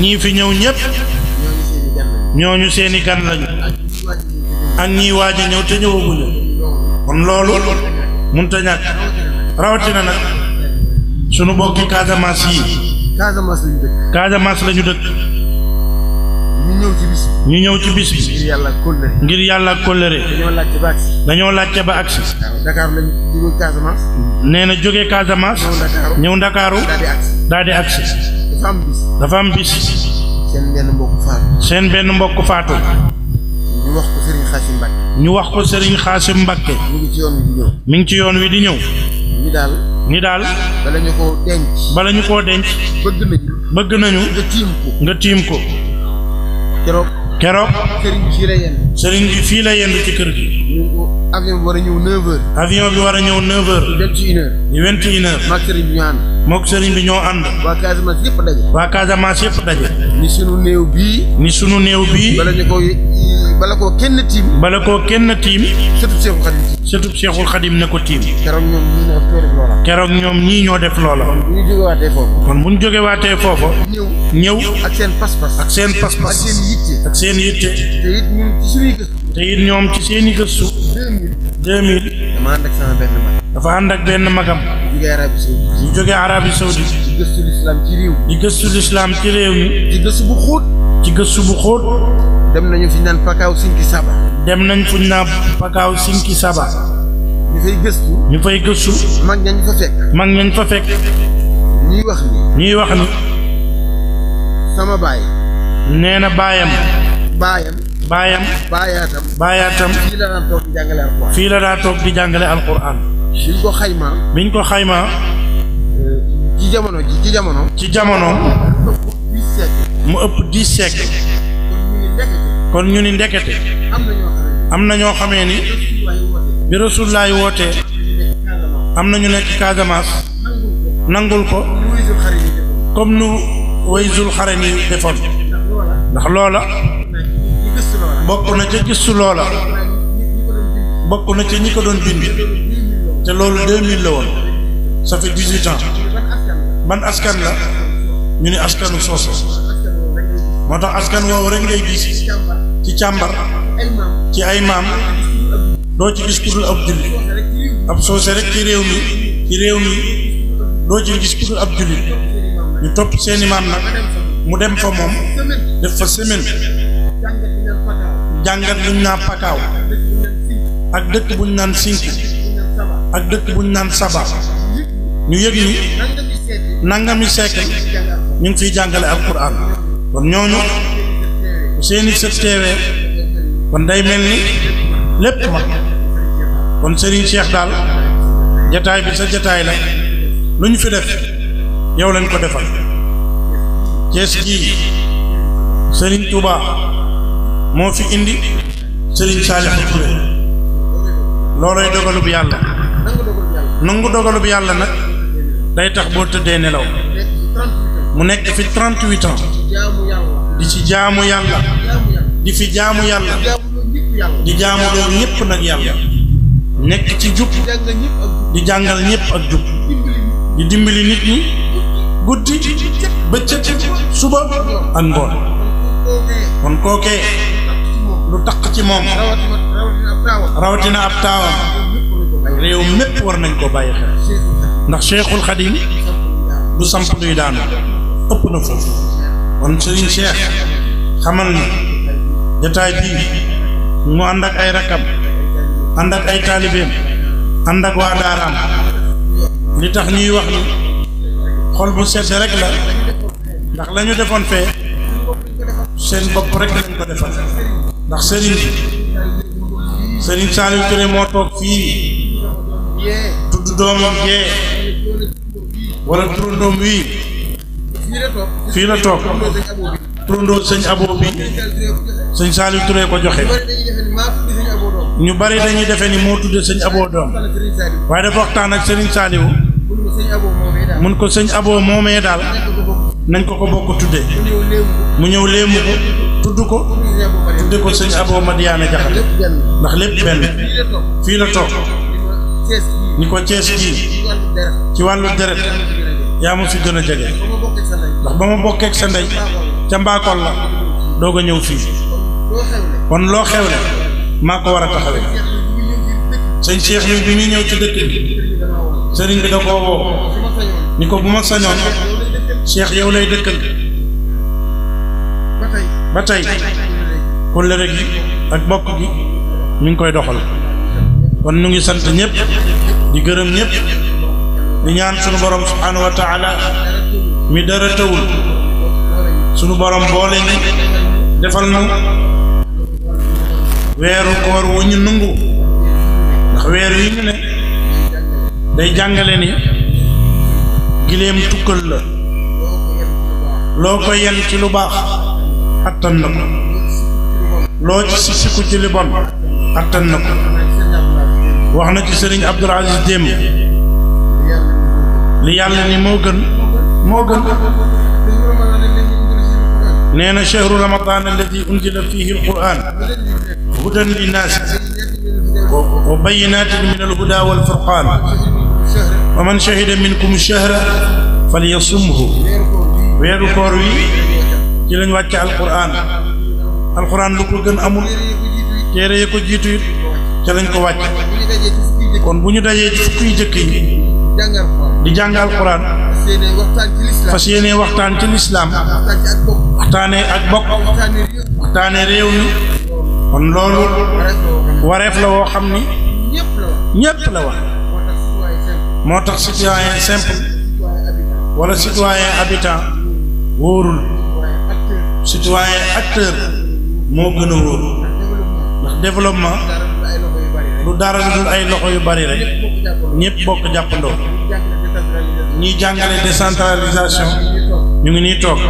ñii fi ñëw ñépp ñooñu seeni gan lañu ak ñii waaj ñëw te ñëwaguñu kon loolu munta ñàkk rawatina nag sunu bokki Casamance yi Casamance lañu dëkk ñu ñëw ci bis bi ngir yàlla kóllëre dañoo laajte ba agsi nee na jóge Casamance ñëw ndakaaru daal di dafa am seen benn mbokk faatu. seen benn mbokk faatu. ñu wax ko Serigne Xaasim Mbacke. ñu wax ko Serigne Xaasim Mbacke. mi ngi ci yoon wi di ñëw. mi ngi ci yoon wi di ñëw. ni daal. ni daal. bala ñu koo denc. bëgg nañu. nga tiim ko. nga keroog. keroog. fii la yendu. ci kër gi. avion bi war a ñëw 9h. war a ñëw 9h. 21h. 21h. maag sëriñ bi ñoo ànd. moog sëriñ bi ñoo daje. waa Casamance yëpp daje. ni sunu néew bii. ni sunu néew bii. bala ko bala koo kenn tiim. bala koo kenn tiim. sëtub Seexul Xadim. sëtub Seexul Xadim na ko tiim. keroog ñoom ñii ñoo def loola. keroog kon bu ñu jógewaatee foofa. kon bu ñu jógewaatee foofa. ñëw ak seen pas-pas. ak seen pas yitte. ak seen yitte. te ñoom ci seeni gëstu. deux dafa ànd ak sama benn magam. ñu jógee Arabie Saoudite. ci réew mi. gëstu lislaam ci réew mi. ci gëstu bu xóot. ci gëstu bu xóot. dem nañu fi ñu naan Pakaaw Sinki Saba. dem nañ fu ñu naan Pakaaw Sinki Saba. ñu fay gëstu. ñu fay gëstu. mag ñañ fa fekk. mag ñañ fa fekk. ñuy wax ni. sama baay. nee na baayam. baayam baayaatam baayaatam fii la daan toog di jàngale alquran fii la biñ ko xaymaa ci jamono ci jamono ci jamono mu ëpp dix siècle kon ñu ni ndekete am na ñoo xamee ni bi rasulullaahi wootee am na ñu nekk Casamance nangul ko comme nu wayzul xare ni defoon ndax loola bokk na ca gisu loola bokk na ci ñi ko doon bind te loolu 2000 la woon ça fait 18 ans ban askan la ñu ne askanu Soose moo tax askan woowu rek ngay gis ci càmbar ci ay maam doo ci gis ku ab julli ab soose rek ci réew mi ci réew mi doo ci gis ku dul ab julli ñu topp seeni maam nag mu dem fa moom def fa semaine jàngat buñ naa pakaaw ak dëkk buñ naan sinku ak dëkk buñ naan saba ñu yëg ni nangami seekal ñu ngi fiy jàngale alquran kon ñooñu seeni sët teewee kon day mel ni lépp ma kon Serigne Cheikh daal jataay bi sa jataay la lu ñu fi def yow lañ ko defal Cees gii Serigne Touba mo fi indi serigne salih Touré lolay dogalou looloy yalla nangou dogalou dogalub yalla nak day tax boo tëddee nelaw mu nek fi 38 ans di ci jaamu yalla di fi jaamu yalla di jaamu do ñepp nak yalla nek ci jub di jangal ñepp ak jub di dimbali nit ñi guddi bëccëg suba ak ngoon kon kookee lu tak ci mom rawatina ab taw rew mepp war nañ ko baye xel ndax cheikhul khadim du samp luy daan upp na foofu kon sëriñ cheikh xamal ni jotaay bi mu andak ay rakam andak ay talibem andak wa waa li tax ñuy wax ni xol bu sedd rek la ndax lañu defon fe sen bop rek lañ ko defal ndax sëriñ sëriñ Saliou Touré moo toog fii tudd doomam jee wala turandoom wii fii la toog turandoo sëñ abo bi sëñ Saliou Touré ko joxe ñu bari dañuy defee ni moo tudde sëñ abo doom waaye dafa waxtaan ak sëriñ Saliou mun ko sëñ abo moomee daal nañ ko ko bokk tudde mu ñëw léemu tudd ko tudde ko sëñ Abo Madiyaane Jaxate ndax lépp benn fii la toog ni ko Cees gii ci wàllu deret yaa ma fi gën a jege ndax ba ma bokkeek sa ndey ca mbaakol la doog a ñëw fii kon loo xewle maa ko war a taxawee sëñ Cheikh mi bi muy ñëw ci dëkk bi sëriñ bi da koo ni ko bu ma sañoon Cheikh yow lay dëkkal batay kon le rek ak bokk gi mi ngi koy doxal kon ñu ngi sant ñëpp di gëreem ñëpp di ñaan suñu borom subhanahu wa taala mi dara tawul suñu borom boole ni defal nu wéru koor wu ñu nungu ndax wéru yi ñu ne day jàngale ni gileem tukkal la loo ko yen ci lu baax attan na ko loo ci si siku ci li bon attan na ko wax na ci sëriñ Abdoul Aziz démb li yàlla ni moo gën moo gën nee na chahru ramadan alladi unzila fihi alquran hudan linnaasi wa bayinatin min alhuda walfurqan wa man shahida minkum shahra falyasumhu weeru koor wi ci lañ wàcce alquran alquran lu ko gën amul téré yi ya ko jitu it ca lañ ko wacc kon buñu dajé ci fukki jëk yi di jàng alquran fas yéenee waxtaan ci l'islam waxtane ak bok waxtane rew mi kon loolu waref la wo xamni ñepp la wax motax citoyen simple wala citoyen habitant worul citoyen acteur moo gën a wóor développement lu dara dul ay loxo yu bari rek ñëpp bokk jàppandoo ñiy jàngale décentralisation ñu ngi nii toog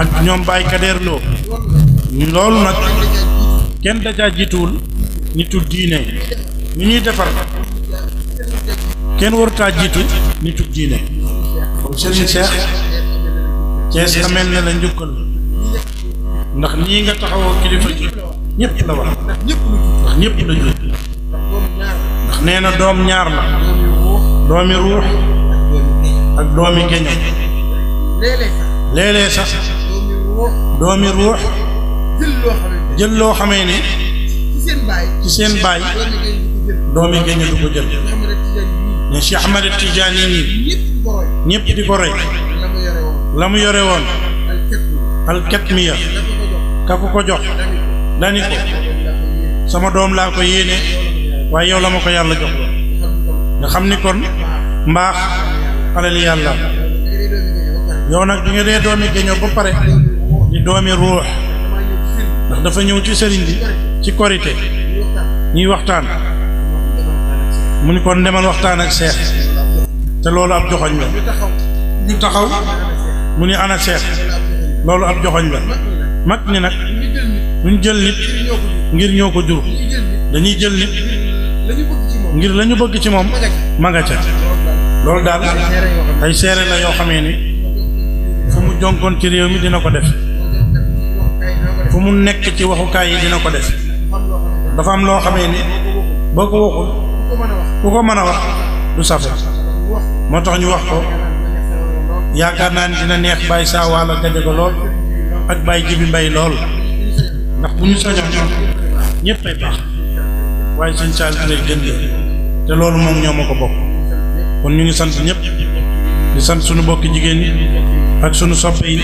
ak ñoom Baye Kader Lo loolu nag kenn dajaa jiituwul nitu diine ñu ñuy defar kenn warutaa jiitu nitu diine Cees xamel na la njukkal ndax nii nga taxawoo kilifa ji ñëpp la war ndax ñëpp la jur ndax nee na doom ñaar la doomi ruux ak doomi geño léeg sax doomi ruux jël loo xamee ni ci seen baay doomi geño du ko jël ne Cheikh Ahmad Tidiane nii ñëpp di ko la mu yore woon alkatmiya ka ku ko jox dani ko sama doom laa ko yéene waaye yow la ma ko yàlla jox nga xam ni kon mbaax alal yàlla yow nag bi nga dee doomi géñoo ba pare di doomi ruux ndax dafa ñëw ci sëriñ bi ci korite ñuy waxtaan mu ni kon demal waxtaan ak seex te loolu ab joxoñ la ñu taxaw mu ni ana seex loolu ab joxoñ la mag ñi nag duñ jël nit ngir ñoo ko jur dañuy jël nit ngir lañu ñu bëgg ci moom magaca loolu daal ay seere la yoo xamee ni fu mu jonkoon ci réew mi dina ko def fu mu nekk ci waxukaay yi dina ko def dafa am loo xamee ni boo ko waxul ku ko mën a wax du safa moo tax ñu wax ko yaakaar naa ne dina neex bàyyi saa waalo gajaga lool ak bàyyi jibi mbay lool ndax bu ñu soñoon ñëpp ay baax waaye sëñ saal dinay gën leen te loolu moom ñoo ma ko bokk kon ñu ngi sant ñëpp di sant suñu bokki jigéen ñi ak suñu soppe yi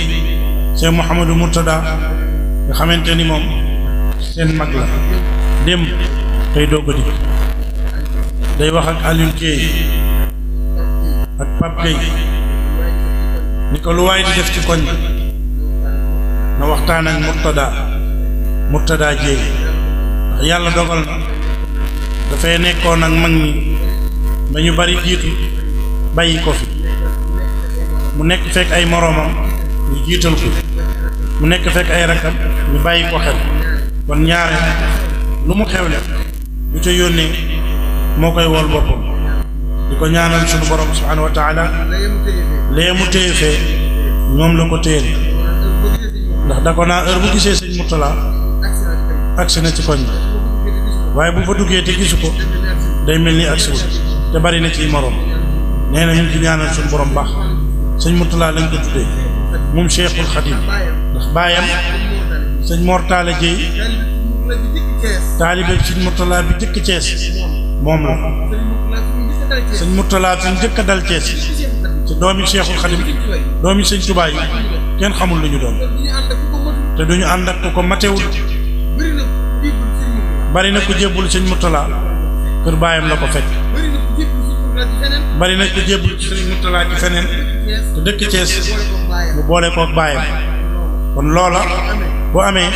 seen Mouhamadou Mourtada nga xamante ni moom seen mag la démb tey doog a dikk day wax ak Alioune ak Pape Gueye ni ko lu waay di def ci koñ bi na waxtaan ak Murtada Murtada Jéey yàlla dogal na dafay nekkoon ak mag mi ba ñu bari jiitu bàyyi ko fi mu nekk fekk ay moroomam ñu jiital ko mu nekk fekk ay rakam ñu bàyyi ko xel kon ñaare lu mu xewle bu ca yónnee moo koy wol boppam ko ñaanal sunu borom subhanahu wa taala lee mu téye fee ñoom la ko téyel ndax da ko naa heure bu gisee sëñ Murtala agsi na ci koñ bi waaye bu fa duggee te gisu ko day mel ni agsiwul te bari na ciy morom nee na ñu ngi ci ñaanal sunu borom baax sëñ Murtala lañ ko tuddee moom Cheikhul Khadim ndax baayam sëñ Mortala Jéy taalibe sëñ Murtala bi jëkk Cees moom la sëñ Murtala te njëkk a dal Cees te doomi Seexul Xadim doomi sëñ Tuubaa yi kenn xamul lu ñu doon te duñu ànd ak ku ko matewul bari na ku jébbul sëñ Murtala kër baayam la ko fekk bari na ku jébbul sëñ Murtala ci feneen te dëkk Cees mu boole kook baayam kon loola bu amee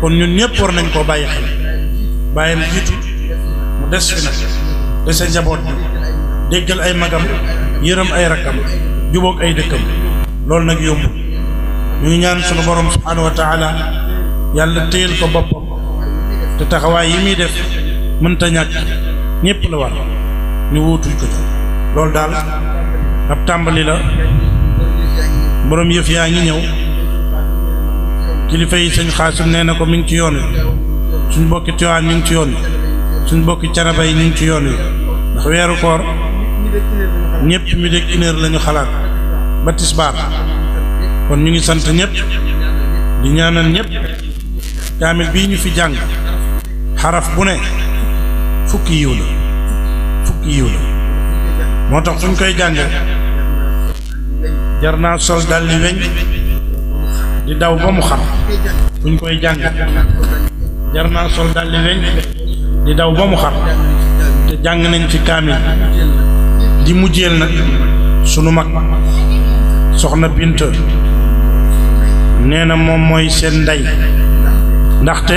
kon ñun ñëpp war nañ koo bàyyi xel bàyyam jiitu mu des fi nag ba sa njaboot déggal ay magam yërëm ay rakkam jubóog ay dëkkam loolu nag yóbbu ñu ñaan sunu borom subhaanahu wa taala yàlla téyel ko boppam te taxawaay yi def mënta ñàkk ñépp la war ñu wuutuñ ko ci loolu daal ab tàmbali la borom yëf yaa ngi ñëw kilifa yi sëñ xaasim nee na ko mi ngi ci yoon wi suñ bokki Tiwaan ñu ngi ci yoon wi suñ bokki Caraba yi ñu ngi ci yoon wi ndax weeru koor ñepp mi dég une lañu xalaat ba tisbaar kon ñu ngi sant ñepp di ñaanal ñepp kaamil bi ñu fi jang xaraf bu ne fukki yiw la fukki yiw la moo tax suñ koy jang jarna sol sol li weñ di daw ba mu xam suñ koy jang jarna sol sol li weñ di daw ba mu xam jang nañ ci kamil di mujjel nak sunu mak soxna bint neena mom moy sen nday ndaxte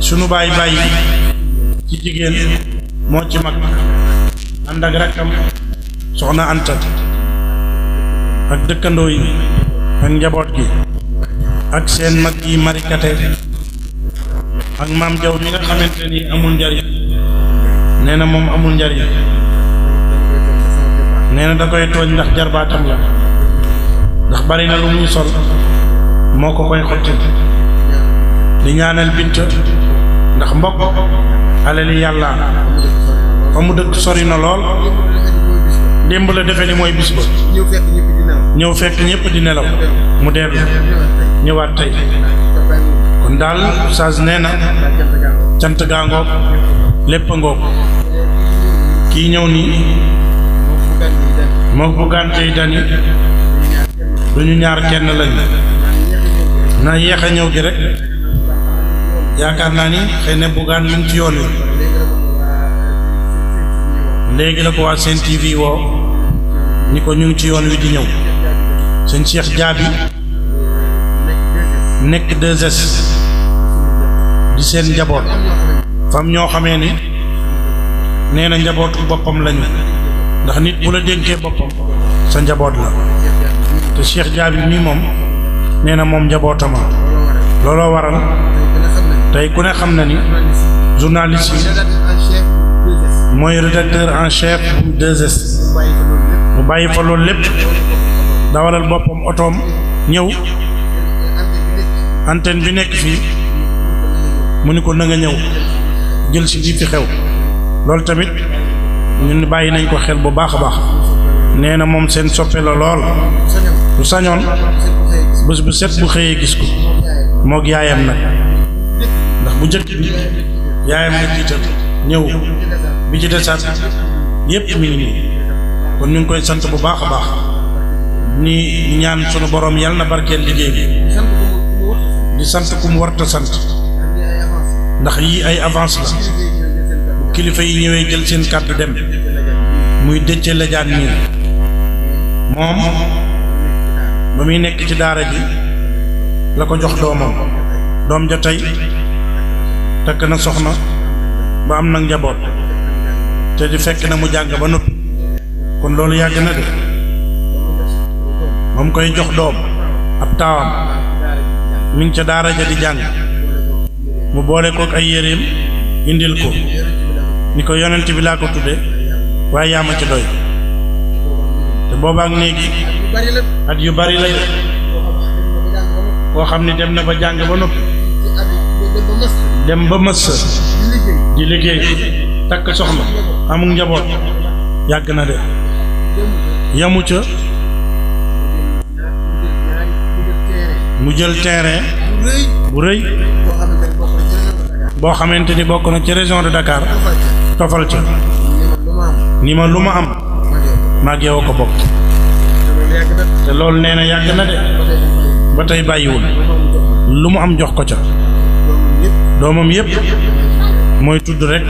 sunu bay bay ci jigen mo ci mak andak rakam soxna antat ak dekkando yi ak njabot gi ak sen mag yi marikate ak mam jaw mi nga xamanteni amul njariñ nee na moom amul njariñ nee na da koy tooñ ndax jarbaatam la ndax bari na lu muy sol moo ko koy xotti di ñaanal bint ndax mbokk alali yàlla fa mu dëkk sori na lool démb la defe ni mooy bis ba ñëw fekk ñëpp di nelaw mu dellu ñëwaat tey kon daal saas nee na cant gaa ngoog lépp ngoog ci ñëw nii moo buggaan tey dani duñu ñaar kenn lañu na yéex a ñëw gi rek yaakaar naa ni xëy na buggaan mu ngi ci yoon wi léegi la ko waa seen TV woo ni ko ñu ngi ci yoon wi di ñëw sëñ Cheikh Diaby nekk 2S di seen jaboot fam ñoo xamee ni nee na njabootu boppam lañu ndax nit bu la dénkee boppam sa njaboot la te Cheikh Jaabir mii moom nee na moom njabootama looloo waral tey ku ne xam na ni journaliste yi mooy rédacteur en chef de 2S mu bàyyi fa loolu lépp dawalal boppam otoom ñëw antenne bi nekk fii mu ni ko na nga ñëw jël si lii fi xew loolu tamit ñun bàyyi nañ ko xel bu baax a baax nee na moom seen soppe la lool bu sañoon bés bu set bu xëyee gis ko moog yaayam nag ndax bu jëkk bi yaayam la jiital ñëw bi ci desaat yépp mi ngi kon ñu ngi koy sant bu baax a baax ni ñaan sunu boroom yal na barkeel liggéey bi di sant ku mu warta sant ndax yi ay avance la kilifa yi ñëwee jël seen kàddu dem muy dëcce la jaan moom ba muy nekk ci daara ji la ko jox doomam doom ja tey takk na soxna ba am nag njaboot te di fekk na mu jàng ba noppi kon loolu yàgg na de ba koy jox doom ab taawam mi ngi ca daara ja di jàng mu boole kook ay yéreem indil ko niko yonent bi la ko tudde way yaa ci doy te ak neegi at yu bari la ko xamni dem na ba jang ba dem ba mass di liggey tak soxna amul njabot yag na de yamu ca mu jël terrain bu reuy bo xamanteni ni bokk na ci région de Dakar tofal ca ni ma lu ma am maag ko bokk te loolu nee na yàgg na de ba tey bàyyiwul lu mu am jox ko ca doomam yépp mooy tudd rekk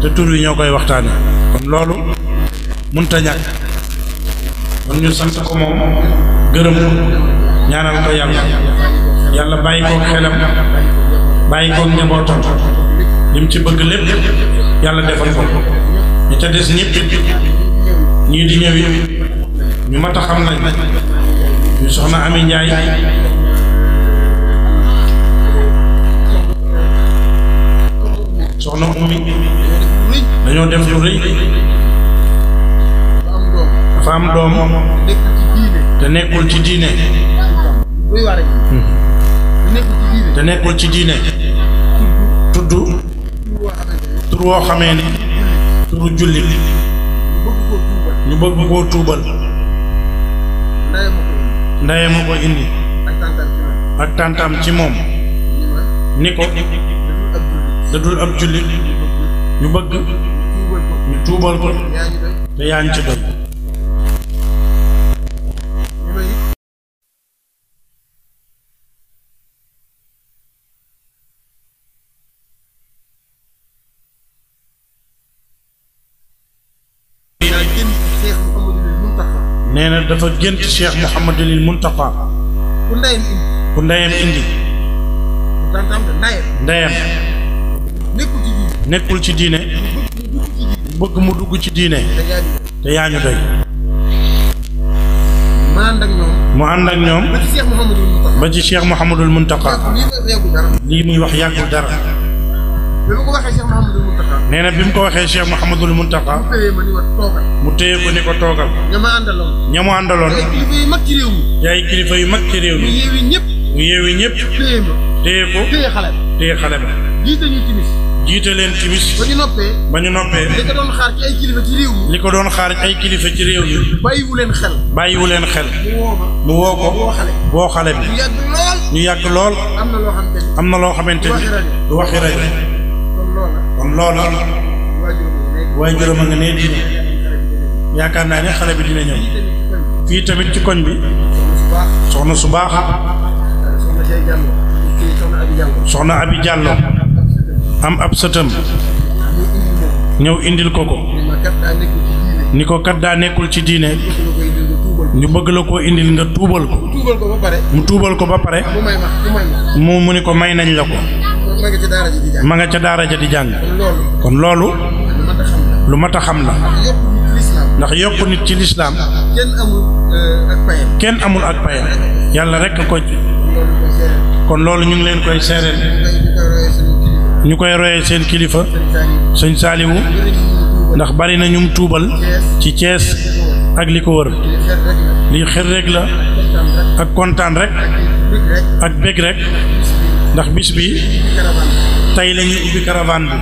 te tur yi ñoo koy waxtaane kon loolu mënta ñàkk kon ñu sant ko moom gërëm ñaanal ko yàlla yàlla bàyyi ko xelam bàyyi ko njabootam lim ci bëgg lépp yàlla defal ko ñu ca des ñëpp ñii di ñëw ñu mat a ñu soxna Ami Ndiaye soxna Oumy dañoo def lu rëy dafa am doom te nekkul ci diine hmm. te nekkul ci diine tudd tur woo xamee ni turu jullit ñu bëgg koo tuubal ndaye ma ko indi ak tàntam ci moom ni ko da ab jullit ñu bëgg ñu tuubal ko te yaa ngi dafa gént Cheikh Mouhamadul Muntaqa ku ndeyam indi ku ndeyam indi ndeyam nekkul ci diine bëgg mu dugg ci diine te yaa ñu doy mu ànd ak ñoom ba ci Cheikh Mouhamadul Muntaqa lii muy wax yàggul dara nee bim ko waxe Cheikh Mouhamadul Mountakha mu téye ko ni ko togal ñama andalon ñama andalon mu yaay kilifa yu mak ci rew mi yewi ñep moom loola waaye juróom a nga nee di yaakaar naa ne xale bi dina ñëw fii tamit ci koñ bi soxna su baax soxna abi jàlloo am ab sëtam ñëw indil ko ko ni ko kat daa nekkul ci diine ñu bëgg la koo indil nga tuubal ko mu tuubal ko ba pare mu mu ni ko may nañ la ko ma nga ca daara di jàng kon loolu lu mat a xam la ndax yokk nit ci lislaam euh, kenn amul ak payam yàlla rekk ko kon loolu ñu ngi leen koy seereel ñu koy royee seen kilifa sëñ saaliwu ndax bari na ñu tuubal ci Cees ak li ko wër lii xër la ak kontaan rek ak bég rek ndax bis bi tay lañu ubi caravane bi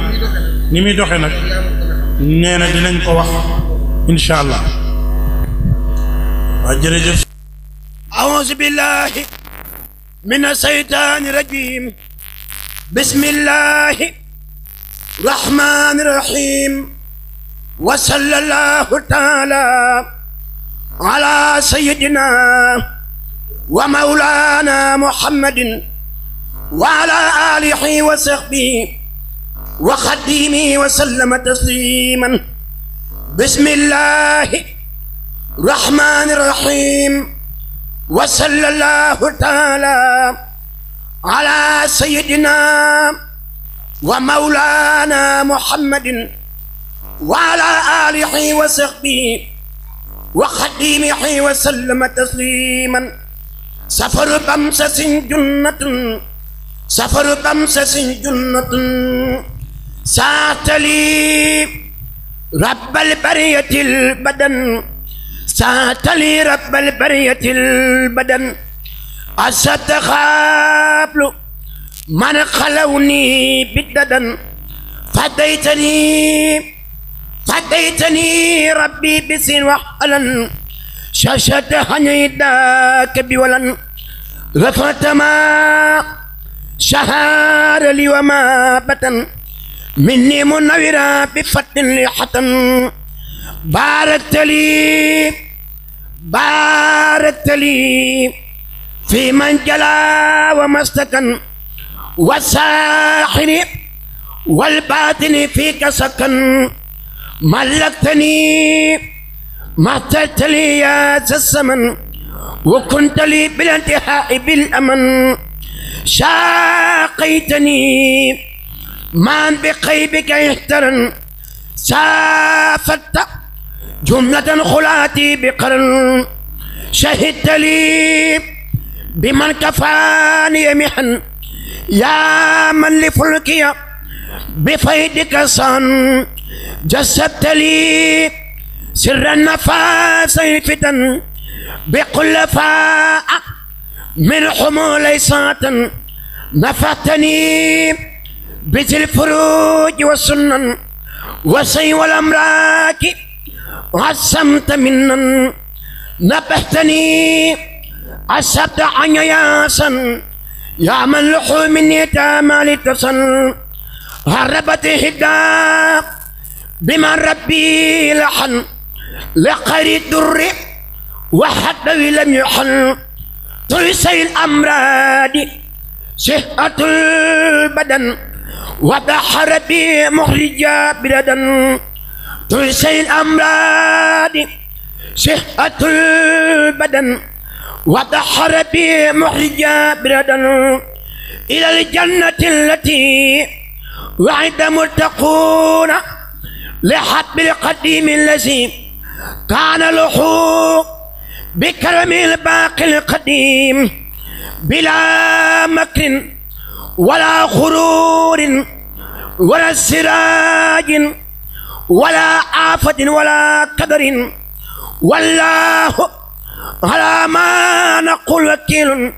ni mi doxe nak néna dinañ ko wax inshallah allah waa jërëjëf أعوذ بالله من الشيطان الرجيم بسم الله الرحمن الرحيم وصلى الله تعالى على سيدنا ومولانا محمد وعلى آله وصحبه وخديمه وسلم تسليما بسم الله الرحمن الرحيم وصلى الله تعالى على سيدنا ومولانا محمد وعلى آله وصحبه وخديمه وسلم تسليما سفر بمسس جنة سفر طمسس جنة ساتلي رب البرية البدن ساتلي رب البرية البدن أسد خابل من خلوني بددن فديتني فديتني ربي بسن وحلا شاشة حنيداك بولا رفعت ما شهار لي وما بتن مني منورا بفتح لحتن بارت لي بارت لي في من جلا ومستكن والساحر والباطن فيك سكن ملكتني مهتلت لي يا ذا وكنت لي بالانتهاء بالامن ساقيتني من بقيبك يحترن سافدت جملة خلاتي بقرن شهدت لي بمن كفاني محن يا من لفلكي بفيدك صن جسدت لي سر النفاس الفتن بقل فاء من حمولي ساتن نفعتني بذي الفروج والسنن وسي والأمراك عصمت منن نبهتني أسبت عن ياسا يا من لحوم يتامى لتصن هربت هدا بما ربي لحن لقري الدر وحتى لم يحن تيسي الأمراض صحة البدن وبحر بي بلدن بردا تنسي الأمراض صحة البدن وبحر بي بلدن إلى الجنة التي وعد متقون لحب القديم الذي كان لحوق بكرم الباقي القديم بلا مكر ولا خرور ولا سراج ولا آفة ولا قدر والله على ما نقول وكيل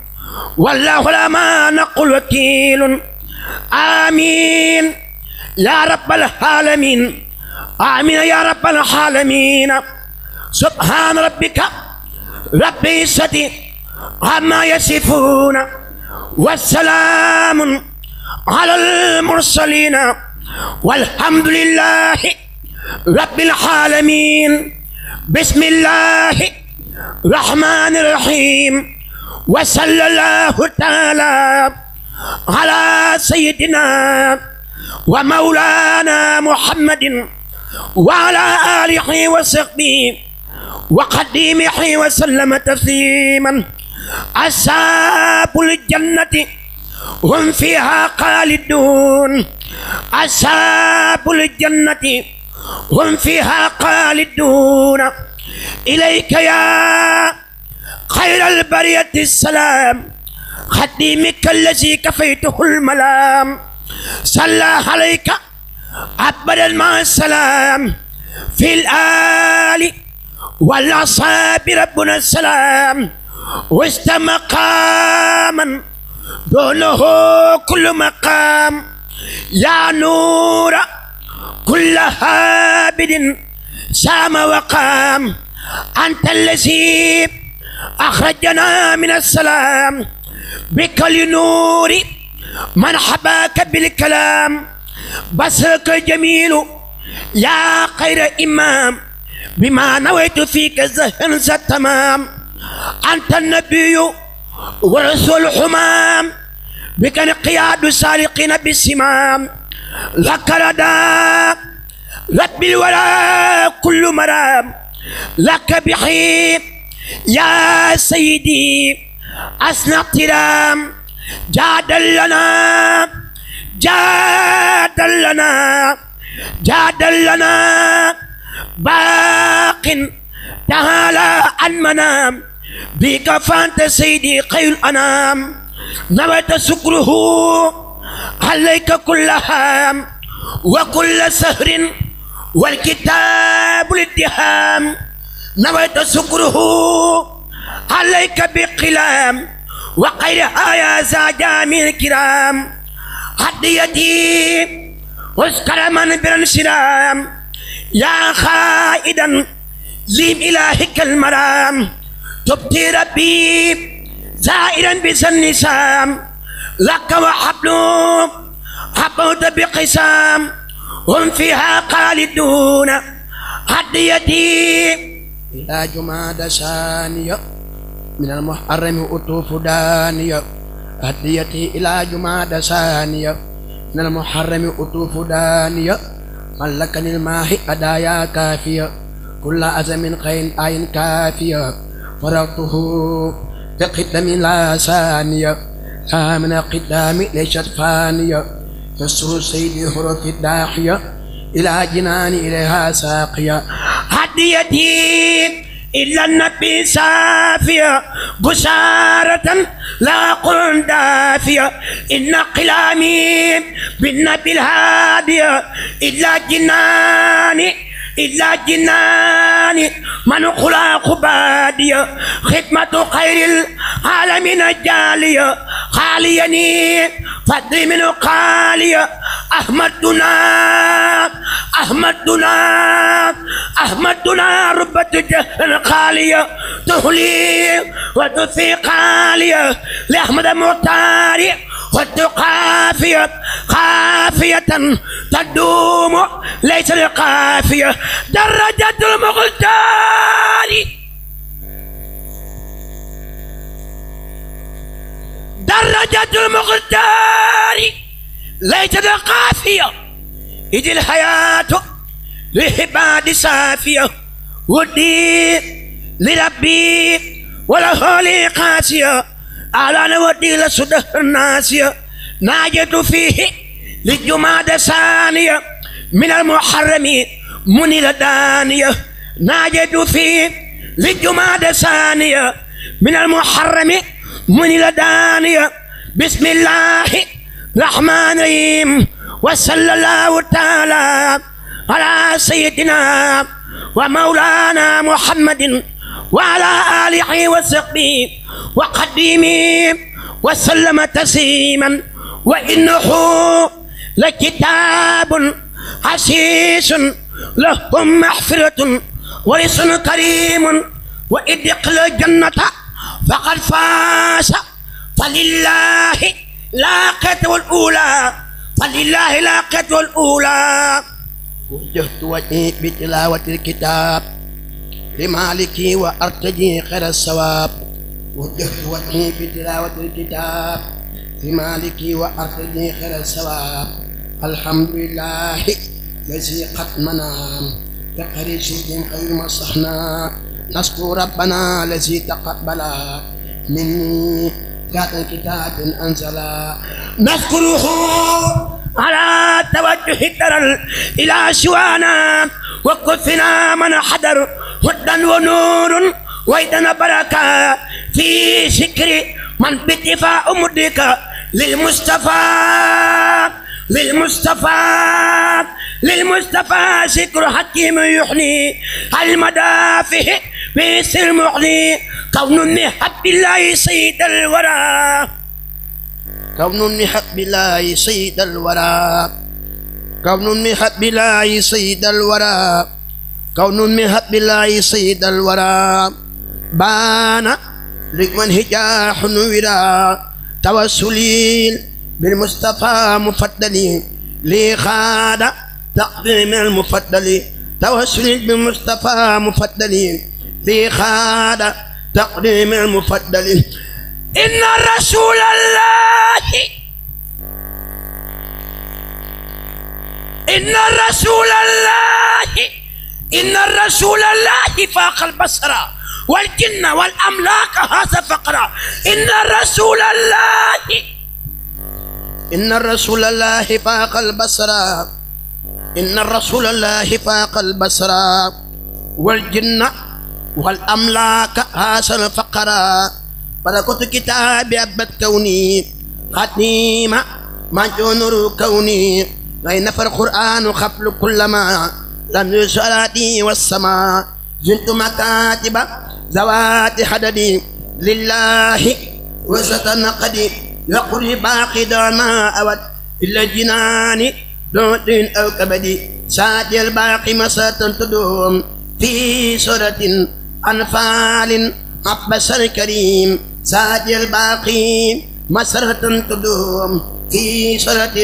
والله على ما نقول وكيل آمين يا رب العالمين آمين يا رب العالمين سبحان ربك رب العزة عما يصفون وسلام على المرسلين والحمد لله رب العالمين بسم الله الرحمن الرحيم وصلى الله تعالى على سيدنا ومولانا محمد وعلى آله وصحبه وقديمه وسلم تسليما أصحاب الجنة هم فيها خالدون أصحاب الجنة هم فيها خالدون إليك يا خير البرية السلام خديمك الذي كفيته الملام صلى عليك عبر الماء السلام في الآل والأصحاب ربنا السلام وسط مقاما دونه كل مقام يا نور كل هابد سام وقام أنت الذي أخرجنا من السلام بك النور من حباك بالكلام بصرك جميل يا خير إمام بما نويت فيك زهن تمام أنت النبي ورسول الحمام بك انقياد سالقين بالسمام لك رداك رب الورى كل مرام لك بحي يا سيدي أسنى اقترام جاد لنا جاد لنا جاد لنا باق تعالى عن منام بك فانت سيدي خير الانام نبت سكره عليك كل هام وكل سهر والكتاب الاتهام نبت سكره عليك بقلام وقيرها يا زعجام الكرام عديتي واسكر من بالانشرام يا خائدا لم الهك المرام تبتي ربي زائرا بسن نسام لك وحبله حبوت بقسام هم فيها قالدون حد يدي إلى جماد ثانية من المحرم أطوف دانية هديتي إلى جماد ثانية من المحرم أطوف دانية ملكني الماهي أدايا كافية كل أزم خين أين كافية فرقته كقدم لا ثانية لا من قدام ليست فانية يسر سيد حرة الداحية إلى جنان إليها ساقية هديتي إلا النبي سافية بشارة لا قل دافية إن قلامي بالنبي الهادية إلا جناني إلا جناني من خلاق بادية خدمة خير العالمين الجالية خاليني فضل من قالية أحمد دنا أحمد دنا أحمد دنا ربة جهل خالية تهلي وتثي خالية لأحمد مختاري والتقى قافية قافية تدوم ليس القافية درجة المغتال درجة المغتال ليس القافية إذ الحياة لعباد سافية ودي لربي خالي قاسيه على نودي لسده الناسية ناجد فيه لجماد ثانية من المحرمي من دانية ناجد فيه لجماد ثانية من المحرمي من دانية بسم الله الرحمن الرحيم وصلى الله تعالى على سيدنا ومولانا محمد وعلى آله وصحبه وقديمه وسلم تسليما وإنه لكتاب عسيس له محفلة ورسل كريم وإدخل الجنة فقد فاز فلله لاقته الأولى فلله لاقته الأولى وجهت وجهي بتلاوة الكتاب لمالكي وأرتجي خير الثواب وجهت وجهي في تلاوة الكتاب لمالكي وأرتجي خير الثواب الحمد لله الذي قد منام بقري شيء خير ما صحنا نشكر ربنا الذي تقبل مني ذات كتاب أنزل نذكره على توجه الدرر إلى شوانا وقفنا من حضر هدن ونور ويدن بركة في شكر من بتفاء مدك للمصطفى للمصطفى للمصطفى شكر حكيم يحني المدافع بيس المحني كون النحب الله سيد الورى كون النحب الله سيد الورى كون النحب الله سيد الورى كون من حب الله سيد الورى بانا لمن هجاح نورا توسلين بالمصطفى مفدلي لي خاد تقديم المفدلي توسلين بالمصطفى مفدلي لي خاد تقديم المفدلي إن رسول الله إن رسول الله إن الرسول الله فاق البصرة والجن والأملاك هذا فقرا إن الرسول الله إن الرسول الله فاق البصرة إن الرسول الله فاق البصرة والجن والأملاك هذا الفقرا بركة كتاب أبا التوني ما جنور كوني لا نفر القرآن خفل كلما لم صلاتي والسماء جنت مكاتب ذوات حددي لله وسط نقدي يقري باقي ما أود إلا جناني دون أو كبدي ساتي الباقي مسات تدوم في سورة أنفال عبس الكريم ساتي الباقي مسرة تدوم في سورة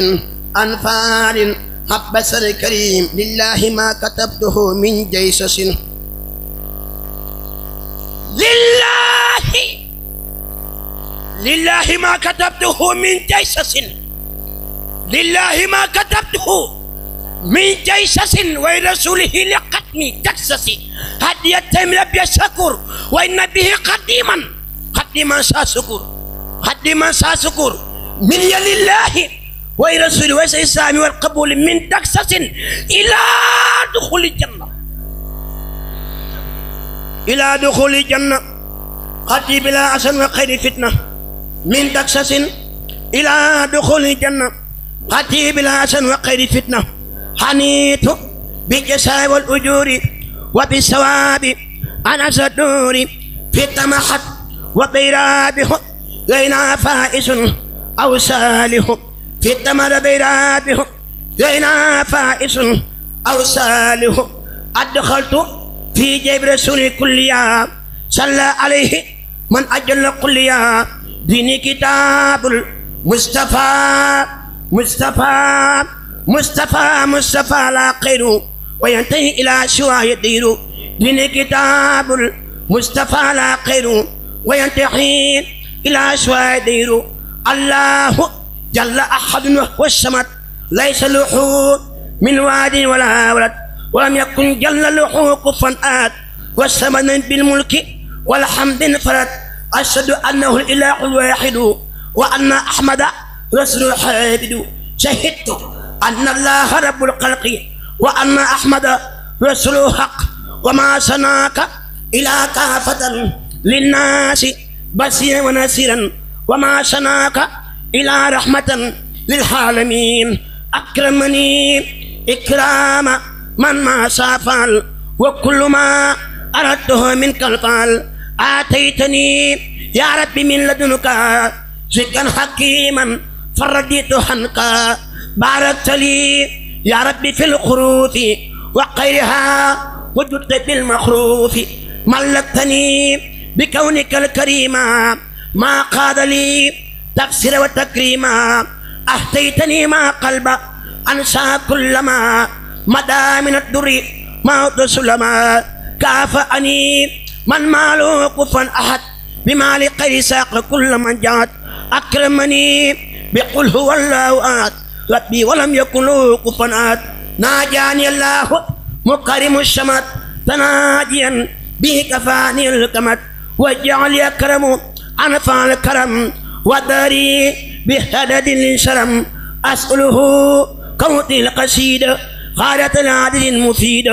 أنفال حبس الكريم لله ما كتبته من جيسس لله لله ما كتبته من جيسس لله ما كتبته من جيسس ورسوله لقتم تكسس هدي التيم لبي شكر وإن به قديما قديما ساشكر قديما ساشكر من يلي الله ويرسل ويسعي السامي والقبول من دكسة إلى دخول الجنة إلى دخول الجنة قد بلا أسن وخير فتنة من دكسة إلى دخول الجنة قد بلا أسن وخير فتنة حنيت بالجزاء والأجور وبالثواب أنا صدور في التمحت وبيرابه لينا فائز أو سالهم في الثمر بيراده لينا فائس أو صالح أدخلت في جيب رسول كل صلى عليه من أجل كل ديني كتاب المصطفى مصطفى مصطفى مصطفى لا خير وينتهي إلى شوى يدير ديني كتاب المصطفى لا قير وينتهي إلى شوى يدير الله جل أحد وهو الصمد ليس له من واد ولا ولد ولم يكن جل له كفوا أحد والثمن بالملك والحمد انفرد أشهد أنه الإله الواحد وأن أحمد رسول حابد شهدت أن الله رب الخلق وأن أحمد رسول حق وما سناك إلى كافة للناس بسيرا ونسيرا وما سناك إلى رحمة للعالمين أكرمني إكرام من ما سافل وكل ما أردته منك كالفال آتيتني يا ربي من لدنك زكا حكيما فرديت حنكا باركت لي يا ربي في الخروف وقيرها وجدت بالمخروف ملكتني بكونك الكريم ما قاد لي تقصير وتكريما أهديتني ما قلب أنسى كلما مدى من الدري ما سلما كافأني من ماله كفا أحد بمال ساق كل من جات أكرمني بقل هو الله آت ربي ولم يكن له كفا آت ناجاني الله مكرم الشمت تناجيا به كفاني الكمت وجعل يكرم أنفع الكرم وداري بهدد الشرم أسأله كوت القصيد غارة العدل المفيد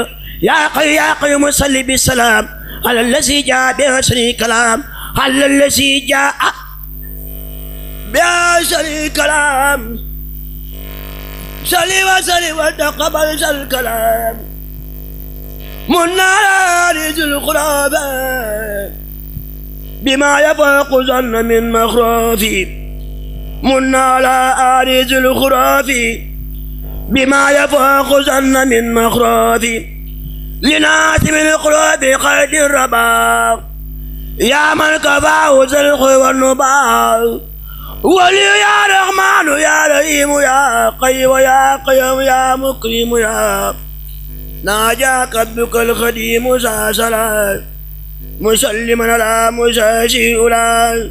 يا قي يا قي صلي بالسلام على الذي جاء بأسر كلام على الذي جاء بأسر كلام صلي وصلي وتقبل الكلام من نار الخرافات بما يفاقزن من مخرافي من على آريز الخرافي بما يفاقزن من مخرافي لناس من قلوب قيد الرباق يا من كفاه زلق والنبا ولي يا رحمن يا رحيم يا قي ويا قيوم يا مكرم يا ناجاك ربك الخديم ساسلات مسلما على موسى سيولا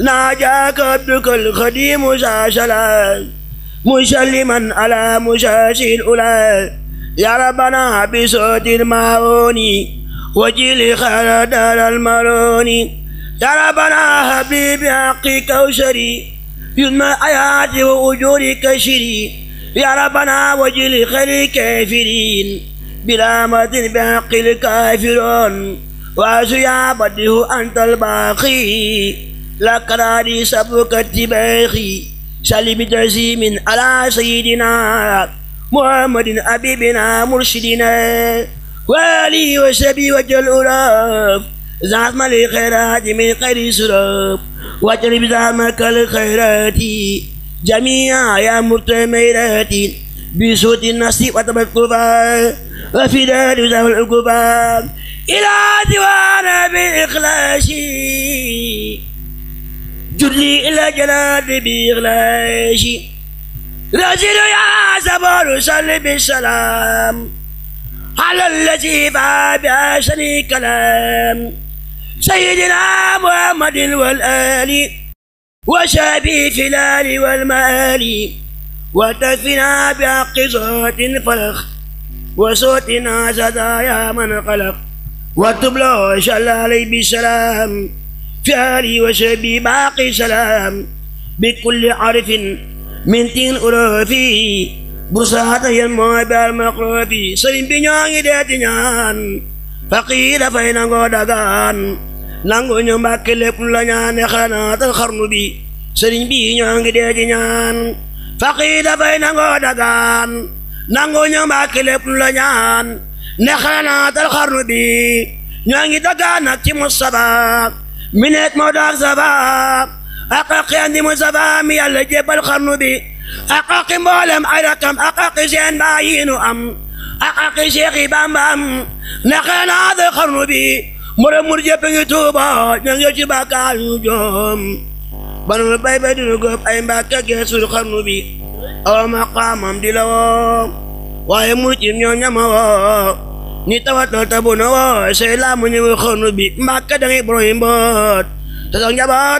ناجاك عبدك الخديم ساسلا مسلما على موسى سيولا يا ربنا بصوت المعوني وجل خالد المروني يا ربنا حبيب حقي كوثري يدمى آيات واجوري كشري يا ربنا وجل خلي الكافرين بلا مدن بحق الكافرون وعشيا بده أنت الباقي لقراني سبك التباخي سلم تعزيم على سيدنا محمد بنا مرشدنا والي وسبي وجه الأولاف زعم الخيرات من خير سراب واجلب زعمك الخيرات جميعا يا مرتميرات بصوت النصيب وتبكبا وفي دار زهو إلى ديوان بإخلاص جلي إلى جناد بإخلاص رجل يا زبر صل بالسلام على الذي بابا شريك كلام سيدنا محمد والآل وشابي في الآل والمآل وتكفنا بحق صوت فرخ عزدا يا من خلق واكتب له إن شاء الله عليه بسلام في أهلي وشبي باقي سلام بكل عرف من تين أروفي برساتا يلمو بالمقروفي سرين بنيان ديتنيان فقيل فين غودغان nangu ñu mbàkke lépp la ñaane xanaatal xarnu bi sëriñ bi ñoo ngi dee ci ñaan faqi dafay nangoo dagaan nangu ñu mbàkke lépp la ñaan نخانا تلخرودي نيانغي دغانا تي مصبا منيت مودار زبا اقاقي اندي مصبا مي الله جبل خرنودي اقاقي مولم ايركم اقاقي زين باينو ام اقاقي شيخي بام بام نخانا تلخرودي مر مر جبنغي توبا نيانغي شبا كايو جوم بانو باي باي دنو غوب اي مباكا جيسو الخرنودي او مقامم دلوام waye mu ci ñoo ni tawat tawatal te bu wa sey la mu ñu xonu bi makka da ngay boroy mboot te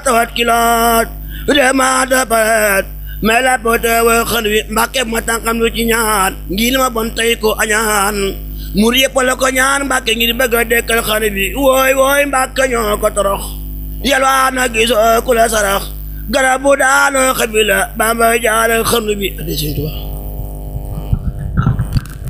tawat kilat re ma da dapat mais la boote xonu bi mbàkke ma tànkam lu ci ñaan ngi ma bon tay ko añaan mur yëpp ko ñaan mbàkke ngi bëgg dekkal xanu bi woy woy makka ñoo ko torox yalwaa na gisoo ku ya la sarax garabu daanoo xabi bamba jaal xonu bi